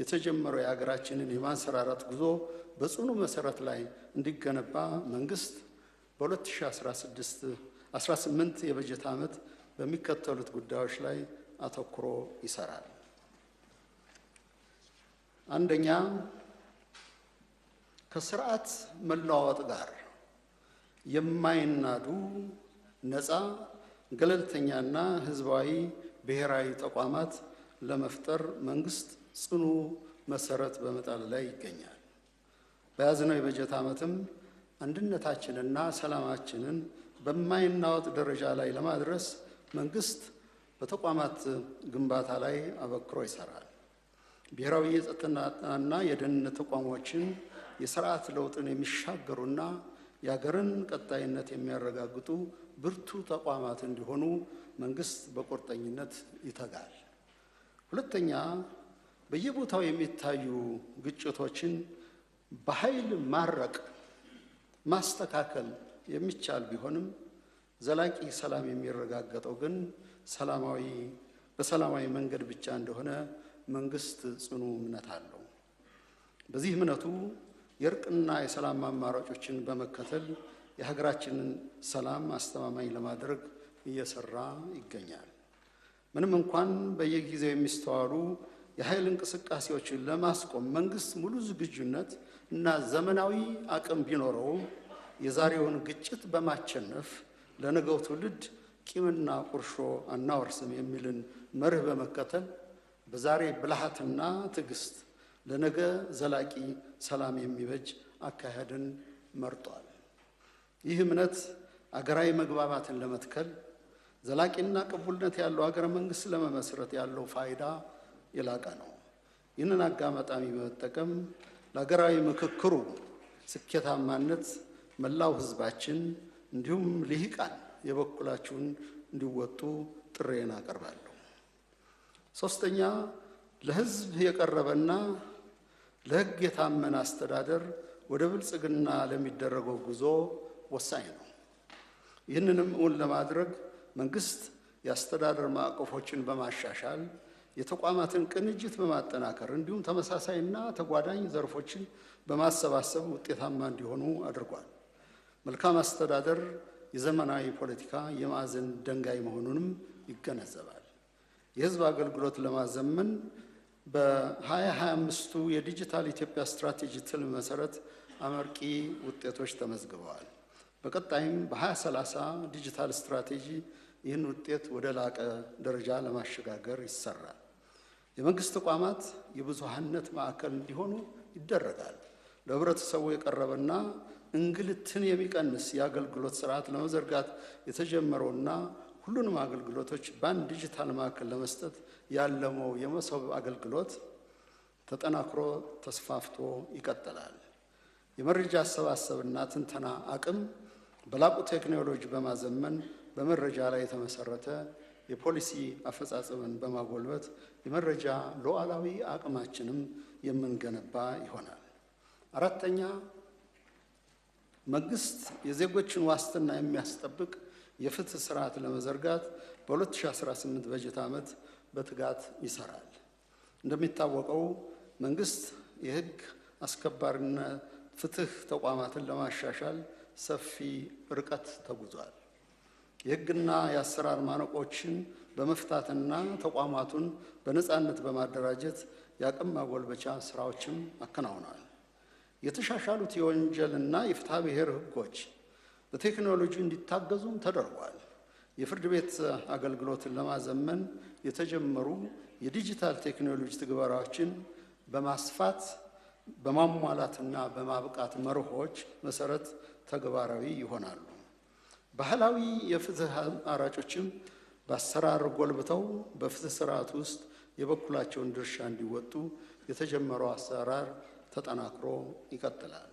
የተጀመረው የሀገራችንን የማንሰራራት ጉዞ በጽኑ መሰረት ላይ እንዲገነባ መንግስት በ2018 የበጀት ዓመት በሚከተሉት ጉዳዮች ላይ አተኩሮ ይሰራል። አንደኛ፣ ከስርዓት መለዋወጥ ጋር የማይናዱ ነፃ ገለልተኛና ህዝባዊ ብሔራዊ ተቋማት ለመፍጠር መንግስት ጽኑ መሰረት በመጣል ላይ ይገኛል። በያዝነው የበጀት ዓመትም አንድነታችንና ሰላማችንን በማይናወጥ ደረጃ ላይ ለማድረስ መንግስት በተቋማት ግንባታ ላይ አበክሮ ይሰራል። ብሔራዊ የጸጥታና የደህንነት ተቋሞችን የስርዓት ለውጥን የሚሻገሩና የአገርን ቀጣይነት የሚያረጋግጡ ብርቱ ተቋማት እንዲሆኑ መንግስት በቁርጠኝነት ይተጋል። ሁለተኛ በየቦታው የሚታዩ ግጭቶችን በኃይል ማረቅ፣ ማስተካከል የሚቻል ቢሆንም ዘላቂ ሰላም የሚረጋገጠው ግን ሰላማዊ በሰላማዊ መንገድ ብቻ እንደሆነ መንግስት ጽኑ እምነት አለው። በዚህ እምነቱ የእርቅና የሰላም አማራጮችን በመከተል የሀገራችንን ሰላም አስተማማኝ ለማድረግ እየሰራ ይገኛል። ምንም እንኳን በየጊዜው የሚስተዋሉ የኃይል እንቅስቃሴዎችን ለማስቆም መንግስት ሙሉ ዝግጁነት እና ዘመናዊ አቅም ቢኖረውም የዛሬውን ግጭት በማቸነፍ ለነገው ትውልድ ቂምና ቁርሾ አናወርስም የሚልን መርህ በመከተል በዛሬ ብልሃትና ትዕግስት ለነገ ዘላቂ ሰላም የሚበጅ አካሄድን መርጧል። ይህ እምነት አገራዊ መግባባትን ለመትከል ዘላቂና ቅቡልነት ያለው አገረ መንግስት ለመመስረት ያለው ፋይዳ የላቀ ነው። ይህንን አጋጣሚ በመጠቀም ለሀገራዊ ምክክሩ ስኬታማነት መላው ህዝባችን እንዲሁም ልሂቃን የበኩላችሁን እንዲወጡ ጥሬን አቀርባለሁ። ሶስተኛ ለህዝብ የቀረበና ለህግ የታመነ አስተዳደር ወደ ብልጽግና ለሚደረገው ጉዞ ወሳኝ ነው። ይህንንም እውን ለማድረግ መንግስት የአስተዳደር ማዕቀፎችን በማሻሻል የተቋማትን ቅንጅት በማጠናከር እንዲሁም ተመሳሳይና ተጓዳኝ ዘርፎችን በማሰባሰብ ውጤታማ እንዲሆኑ አድርጓል። መልካም አስተዳደር የዘመናዊ ፖለቲካ የማዕዘን ድንጋይ መሆኑንም ይገነዘባል። የሕዝብ አገልግሎት ለማዘመን በ2025ቱ የዲጂታል ኢትዮጵያ ስትራቴጂ ትልም መሰረት አመርቂ ውጤቶች ተመዝግበዋል። በቀጣይም በ2030 ዲጂታል ስትራቴጂ ይህን ውጤት ወደ ላቀ ደረጃ ለማሸጋገር ይሰራል። የመንግስት ተቋማት የብዙሃነት ማዕከል እንዲሆኑ ይደረጋል። ለህብረተሰቡ የቀረበና እንግልትን የሚቀንስ የአገልግሎት ስርዓት ለመዘርጋት የተጀመረውና ሁሉንም አገልግሎቶች በአንድ ዲጂታል ማዕከል ለመስጠት ያለመው የመሶብ አገልግሎት ተጠናክሮ ተስፋፍቶ ይቀጥላል። የመረጃ አሰባሰብና ትንተና አቅም በላቁ ቴክኖሎጂ በማዘመን በመረጃ ላይ የተመሰረተ የፖሊሲ አፈጻጸምን በማጎልበት የመረጃ ሉዓላዊ አቅማችንም የምንገነባ ይሆናል። አራተኛ መንግስት የዜጎችን ዋስትና የሚያስጠብቅ የፍትህ ስርዓት ለመዘርጋት በ2018 በጀት ዓመት በትጋት ይሰራል። እንደሚታወቀው መንግስት የህግ አስከባሪና ፍትህ ተቋማትን ለማሻሻል ሰፊ ርቀት ተጉዟል። የህግና የአሰራር ማነቆችን በመፍታትና ተቋማቱን በነፃነት በማደራጀት የአቅም ማጎልበቻ ስራዎችም አከናውነዋል። የተሻሻሉት የወንጀልና የፍትሐ ብሔር ህጎች በቴክኖሎጂ እንዲታገዙም ተደርጓል። የፍርድ ቤት አገልግሎትን ለማዘመን የተጀመሩ የዲጂታል ቴክኖሎጂ ትግበራዎችን በማስፋት በማሟላትና በማብቃት መርሆች መሰረት ተግባራዊ ይሆናሉ። ባህላዊ የፍትህ አማራጮችም በአሰራር ጎልብተው በፍትህ ስርዓት ውስጥ የበኩላቸውን ድርሻ እንዲወጡ የተጀመረው አሰራር ተጠናክሮ ይቀጥላል።